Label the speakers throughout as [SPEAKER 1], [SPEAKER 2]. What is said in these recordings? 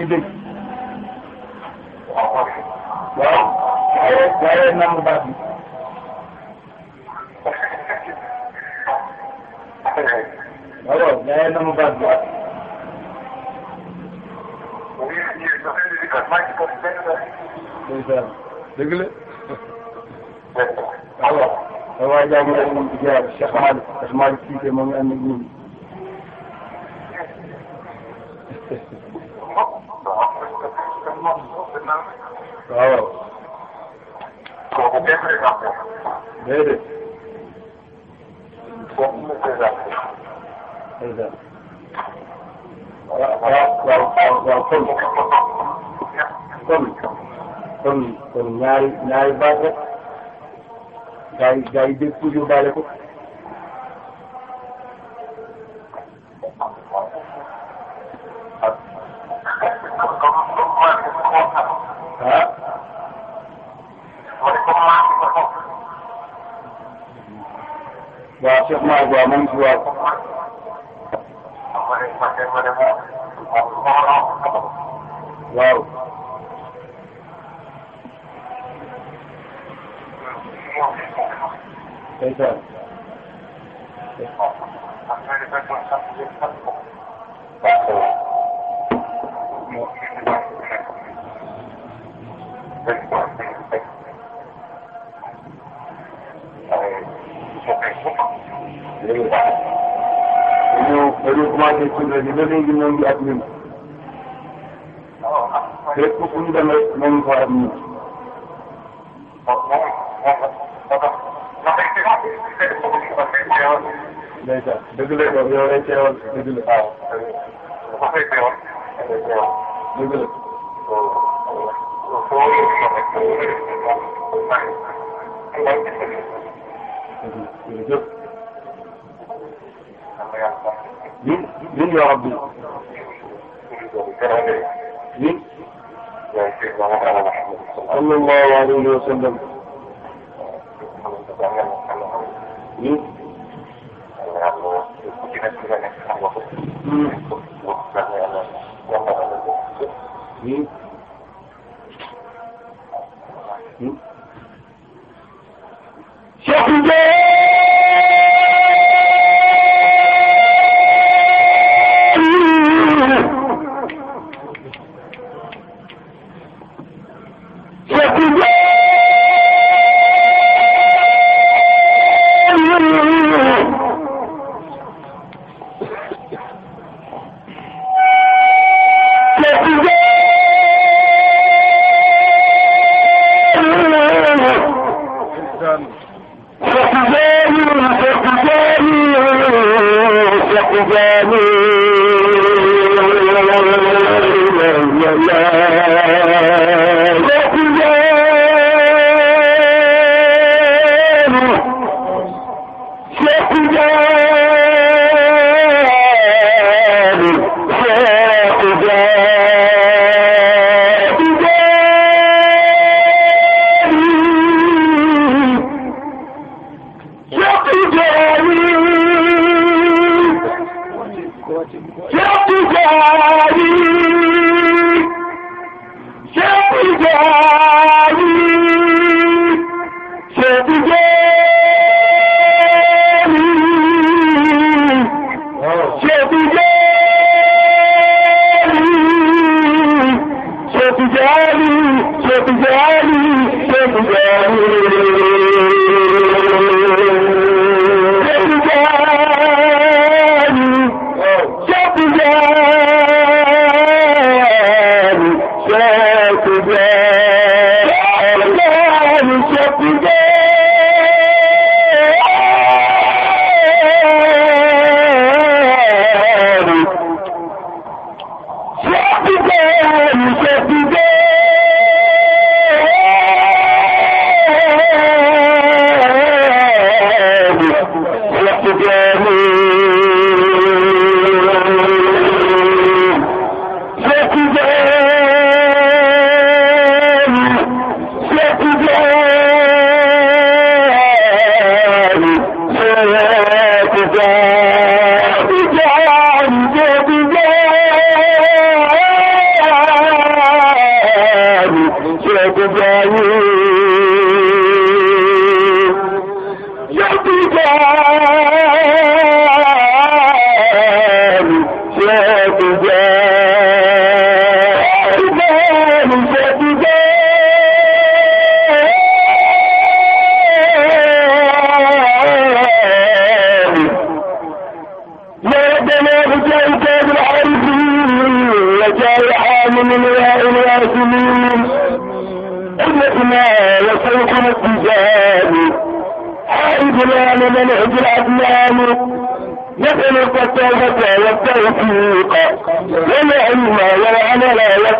[SPEAKER 1] ngi dégg waaw waaye waaye nangu baat bi waaw waaye nangu baat bi dëgg la alors waaye jaa ngi leen moom di jaar Cheikh Malick Cheikh Malick Cissé moo ngi ànd ak ñun waaw. kooku kenn présenté. déedéet. kooku mu présenté. présenté. waaw waaw waaw waaw kon. kon. kon kon ñaari ñaari bànq. gars yi gars yi dégg ko yóbbaale ko. Après les personnes sans vous êtes pas bon. dañoo commencé suñu ni ba léegi ñoo ngi ak ñun lépp fu ñu demee ñoo ngi fa ak ñun. waaw waaw waaw ndeysaan dëgg la ñoom ñoo lay teewal dëgg la. waaw bu ko fay teewal. dëgg la. jërëjëf. ñun ñun ñoo xam ni. ñun. sallallahu alayhi wa sallam. ñun. Cheikh Ndiaye بجاهه وبجاهه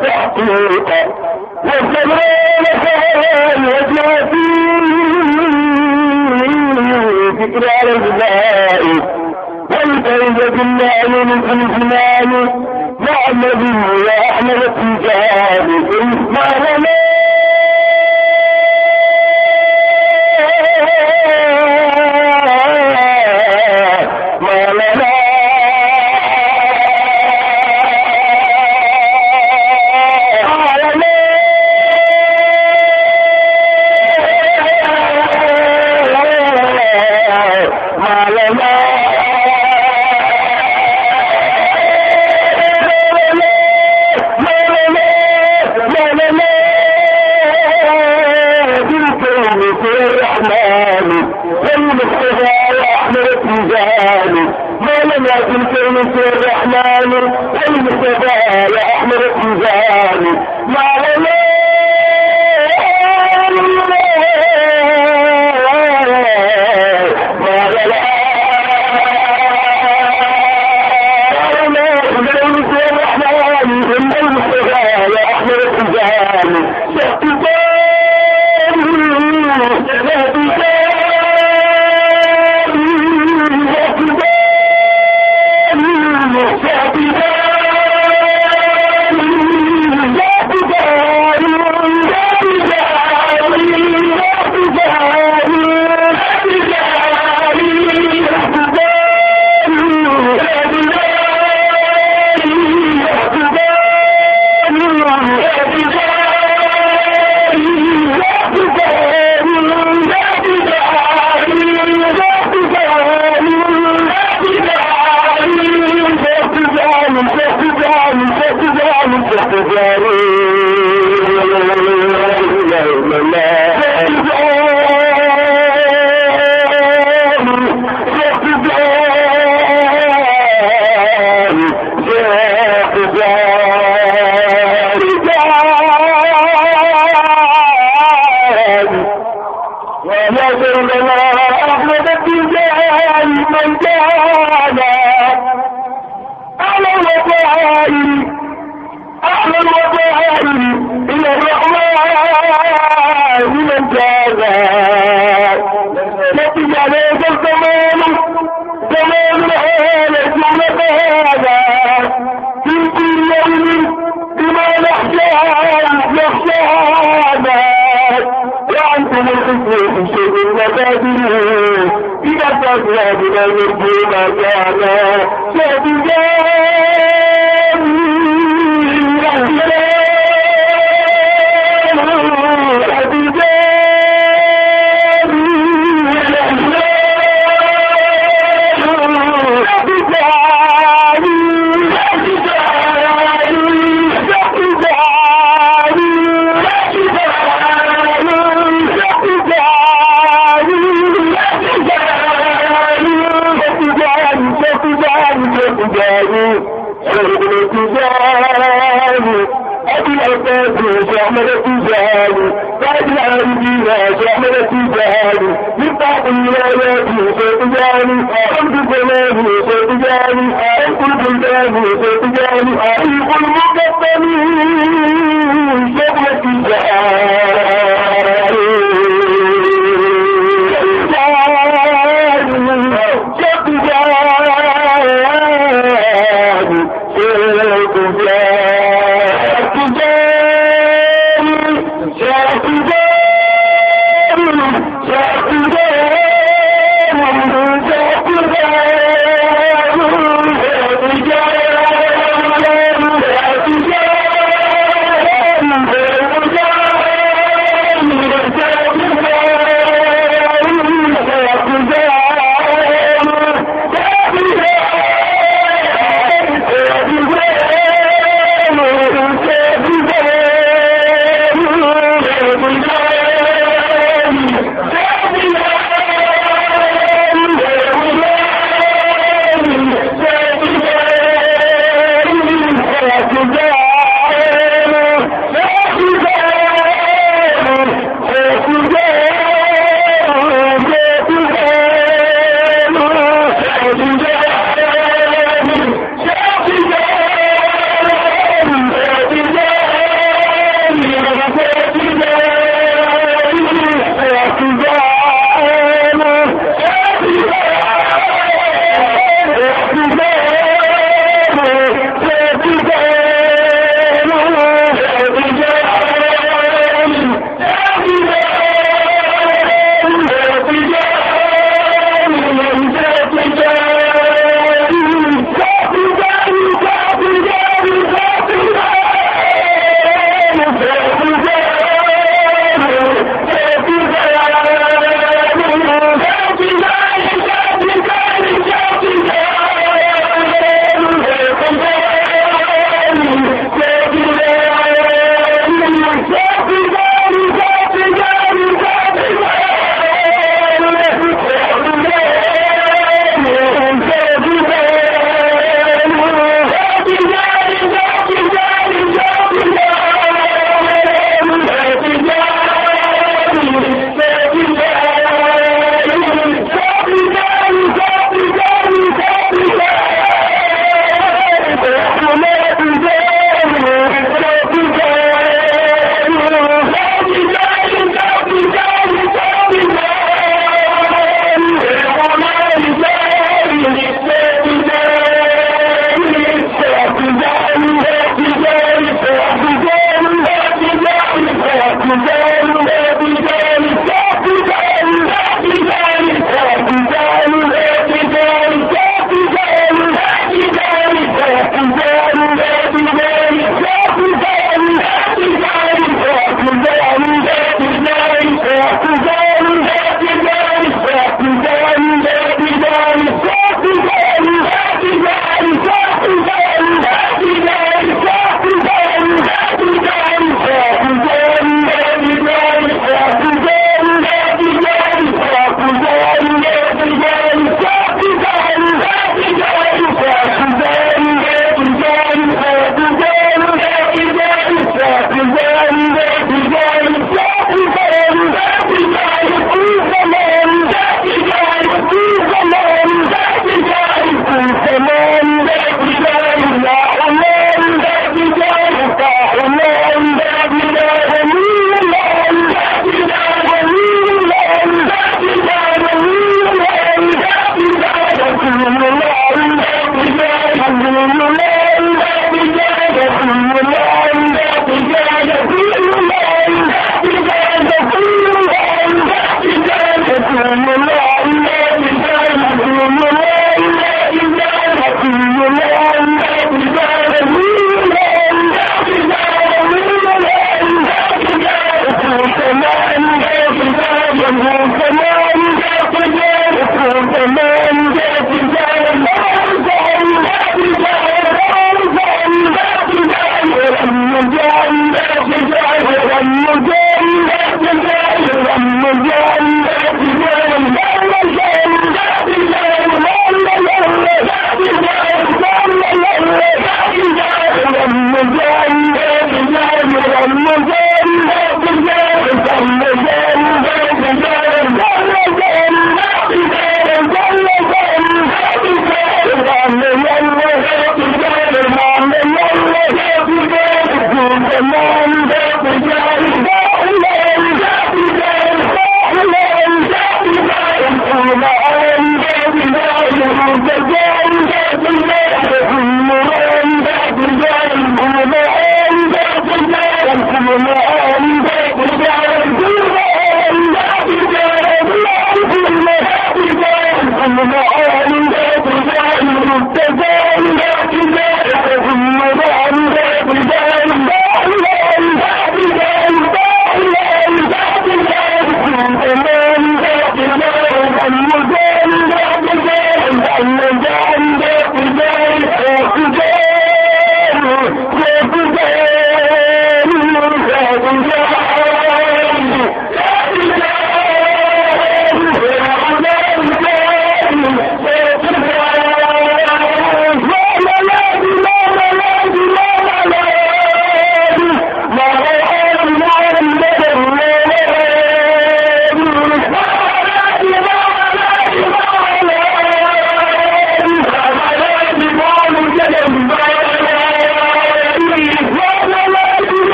[SPEAKER 1] والتحقيق والجمال فهل وجه فيه ذكر على البائس والبيت بالله من كل من ذرة جهنم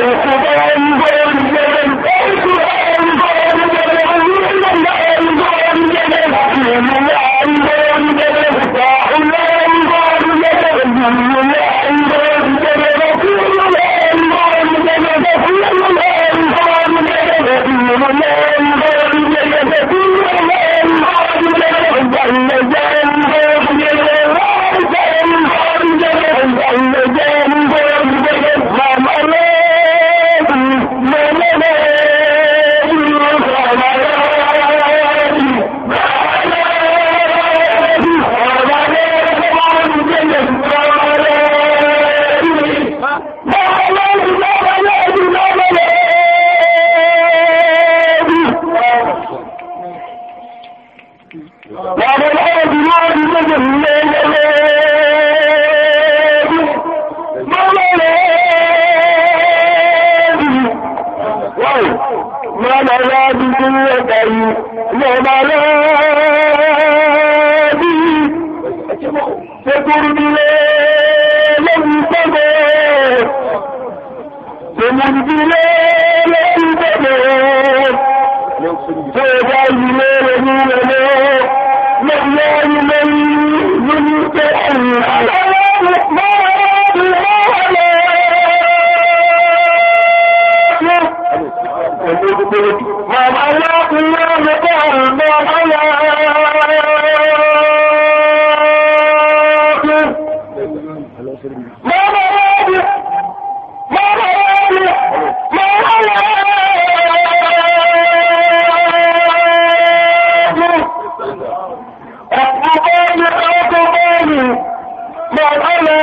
[SPEAKER 1] Hallelujah. الأمل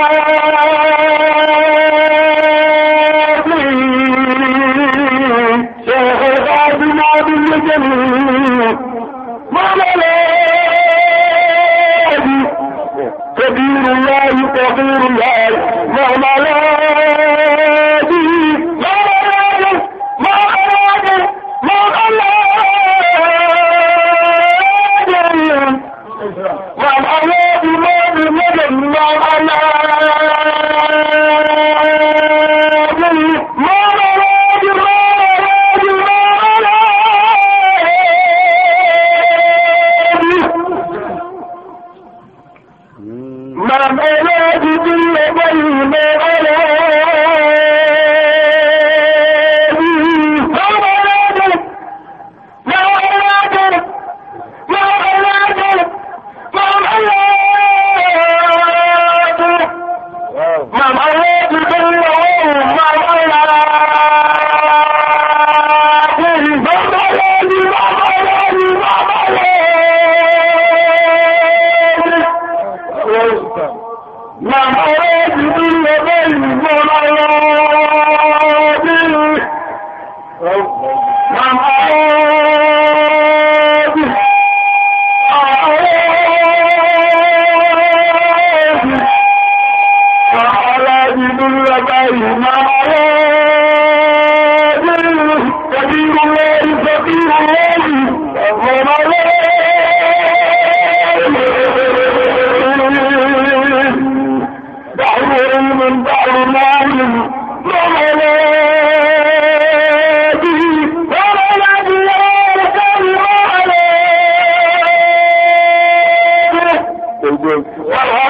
[SPEAKER 1] والهوى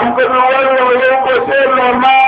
[SPEAKER 1] हमको मोबाइल में लोगों को शेयर मार